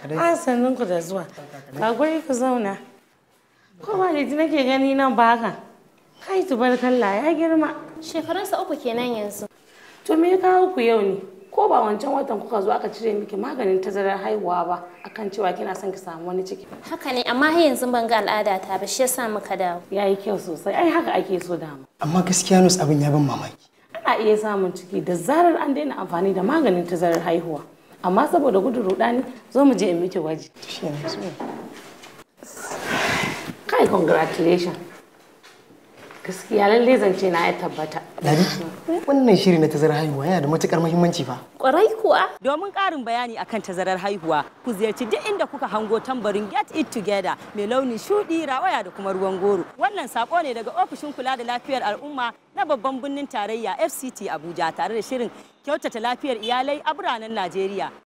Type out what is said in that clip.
A sannan ku da zuwa. Ka ku zauna. Ko ba da nake gani nan ba haka. Kai tubarkalla ya girma. Shekarunsa uku kenan yanzu. To me kawo ku yau ne? Ko ba wancan watan kuka zo aka cire miki maganin tazarar haihuwa ba akan cewa kina son ki samu wani ciki. Haka ne amma har yanzu ban ga al'ada ta ba shi yasa muka dawo. Yayi kyau sosai. Ai haka ake so dama. Amma gaskiya nus abin ya ban mamaki. Ana iya samun ciki da zarar an daina amfani da maganin tazarar haihuwa. amma saboda gudun rudani zo mu je in miki gwaji kai congratulations gaskiya lalle zance na ya tabbata wannan shiri na tazarar haihuwa yana da matukar muhimmanci fa kwarai kuwa domin karin bayani akan tazarar haihuwa ku ziyarci duk inda kuka hango tambarin get it together mai launin shudi rawaya da kuma ruwan goro wannan sako ne daga ofishin kula da lafiyar al'umma na babban birnin tarayya fct abuja tare da shirin kyautata lafiyar iyalai a biranen najeriya